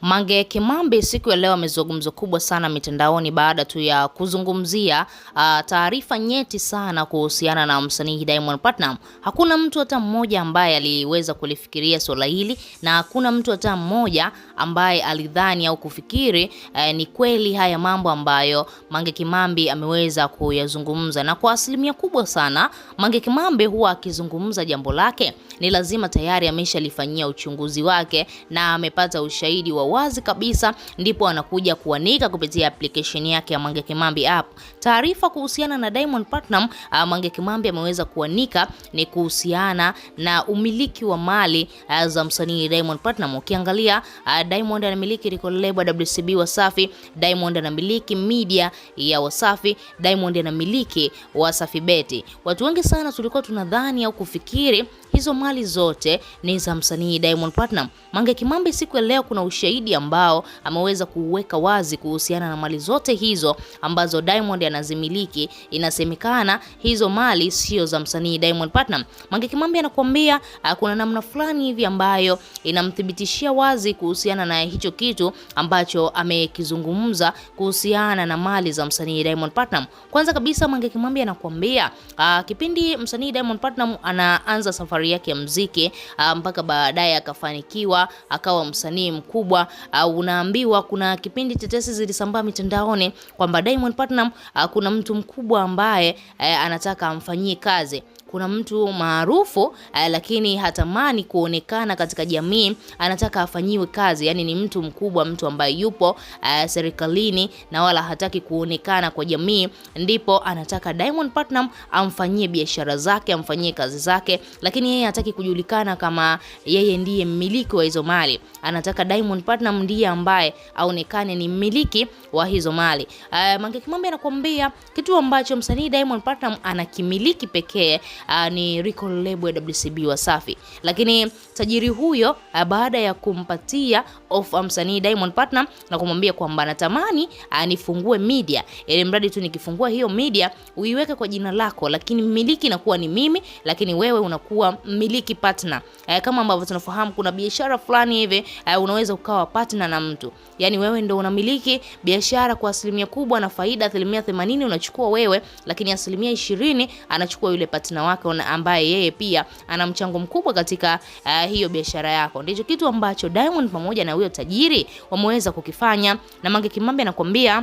Mange Kimambi siku ya leo amezungumzo kubwa sana mitandaoni baada tu ya kuzungumzia uh, taarifa nyeti sana kuhusiana na msanii Diamond Platnumz. Hakuna mtu hata mmoja ambaye aliweza kulifikiria swala hili na hakuna mtu hata mmoja ambaye alidhani au kufikiri uh, ni kweli haya mambo ambayo Mange Kimambi ameweza kuyazungumza, na kwa asilimia kubwa sana Mange Kimambi huwa akizungumza jambo lake ni lazima tayari ameshalifanyia uchunguzi wake na amepata ushahidi wa wazi kabisa, ndipo anakuja kuanika kupitia application yake ya Mange Kimambi app. Taarifa kuhusiana na Diamond Platinum, ah, Mange Kimambi ameweza kuanika ni kuhusiana na umiliki wa mali ah, za msanii Diamond Platinum. Ukiangalia ah, Diamond anamiliki record label WCB Wasafi, Diamond anamiliki media ya Wasafi, Diamond anamiliki Wasafi Beti. Watu wengi sana tulikuwa tunadhani au kufikiri hizo mali zote ni za msanii Diamond Platinum. Mange Kimambi siku ya leo kuna ushahidi ushahidi ambao ameweza kuweka wazi kuhusiana na mali zote hizo ambazo Diamond anazimiliki. Inasemekana hizo mali sio za msanii Diamond Platnum. Mange Kimambi anakuambia ah, kuna namna fulani hivi ambayo inamthibitishia wazi kuhusiana na hicho kitu ambacho amekizungumza kuhusiana na mali za msanii Diamond Platnum. Kwanza kabisa Mange Kimambi anakuambia ah, kipindi msanii Diamond Platnum anaanza safari yake ya muziki ah, mpaka baadaye akafanikiwa akawa msanii mkubwa unaambiwa uh, unaambiwa kuna kipindi tetesi zilisambaa mitandaoni kwamba Diamond Platinum uh, ah, kuna mtu mkubwa ambaye uh, anataka amfanyie kazi kuna mtu maarufu eh, lakini hatamani kuonekana katika jamii, anataka afanyiwe kazi. Yani ni mtu mkubwa, mtu ambaye yupo eh, serikalini na wala hataki kuonekana kwa jamii, ndipo anataka Diamond Platinum amfanyie biashara zake, amfanyie kazi zake, lakini yeye hataki kujulikana kama yeye ndiye mmiliki wa hizo mali anataka Diamond Platnumz ndiye ambaye aonekane ni mmiliki wa hizo mali. Uh, Mange Kimambi anakuambia kitu ambacho msanii Diamond Platnumz anakimiliki pekee uh, ni record label ya WCB Wasafi, lakini tajiri huyo uh, baada ya kumpatia ofa msanii Diamond Platnumz na kumwambia kwamba anatamani uh, nifungue media ili mradi tu nikifungua hiyo media uiweke kwa jina lako, lakini mmiliki inakuwa ni mimi, lakini wewe unakuwa mmiliki partner. Uh, kama ambavyo tunafahamu kuna biashara fulani hivi uh, unaweza ukawa partner na mtu yani, wewe ndo unamiliki biashara kwa asilimia kubwa na faida asilimia themanini unachukua wewe, lakini asilimia ishirini anachukua yule partner wako ambaye yeye pia ana mchango mkubwa katika uh, hiyo biashara yako. Ndicho kitu ambacho Diamond pamoja na huyo tajiri wameweza kukifanya, na Mange Kimambi anakuambia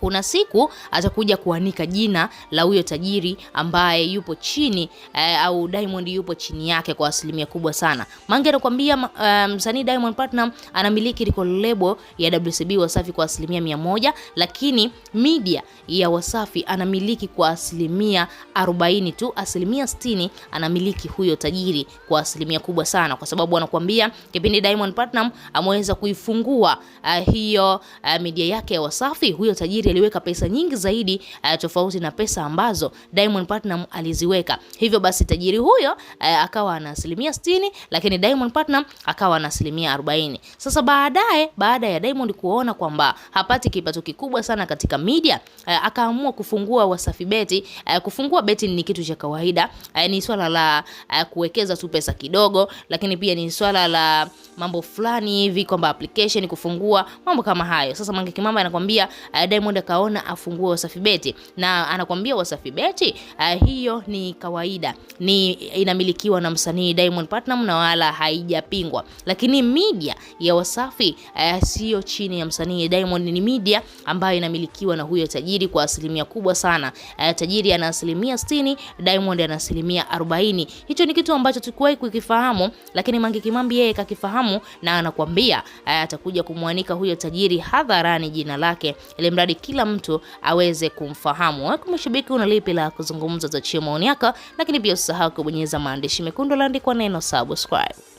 kuna siku atakuja kuanika jina la huyo tajiri ambaye yupo chini eh, au Diamond yupo chini yake kwa asilimia kubwa sana. Mange anakuambia eh, msanii um, Diamond Platinum anamiliki record label ya WCB Wasafi kwa asilimia mia moja, lakini media ya Wasafi anamiliki kwa asilimia 40 tu, asilimia 60 anamiliki huyo tajiri kwa asilimia kubwa sana, kwa sababu anakuambia kipindi Diamond Platinum ameweza kuifungua uh, hiyo uh, media yake ya Wasafi huyo tajiri aliweka pesa nyingi zaidi uh, tofauti na pesa ambazo Diamond Platinum aliziweka. Hivyo basi tajiri huyo uh, akawa ana asilimia 60, lakini Diamond Platinum akawa na asilimia 40. Sasa baadaye, baada ya Diamond kuona kwamba hapati kipato kikubwa sana katika media uh, akaamua kufungua Wasafi Beti. Uh, kufungua beti ni kitu cha kawaida uh, ni swala la uh, kuwekeza tu pesa kidogo, lakini pia ni swala la mambo fulani hivi kwamba application kufungua mambo kama hayo. Sasa Mange Kimamba anakuambia uh, Diamond Diamond akaona afungue Wasafi Beti, na anakuambia Wasafi Beti uh, ah, hiyo ni kawaida, ni inamilikiwa na msanii Diamond Platinum na wala haijapingwa, lakini media ya Wasafi uh, sio chini ya msanii Diamond. Ni media ambayo inamilikiwa na huyo tajiri kwa asilimia kubwa sana. Uh, tajiri ana asilimia 60, Diamond ana asilimia 40. Hicho ni kitu ambacho tukuwahi kukifahamu, lakini Mange Kimambi yeye kakifahamu na anakuambia uh, atakuja kumwanika huyo tajiri hadharani jina lake, ili mradi kila mtu aweze kumfahamu. Wewe kama shabiki una lipi la kuzungumza, za maoni yako, lakini pia usisahau kubonyeza maandishi mekundu laandikwa neno subscribe.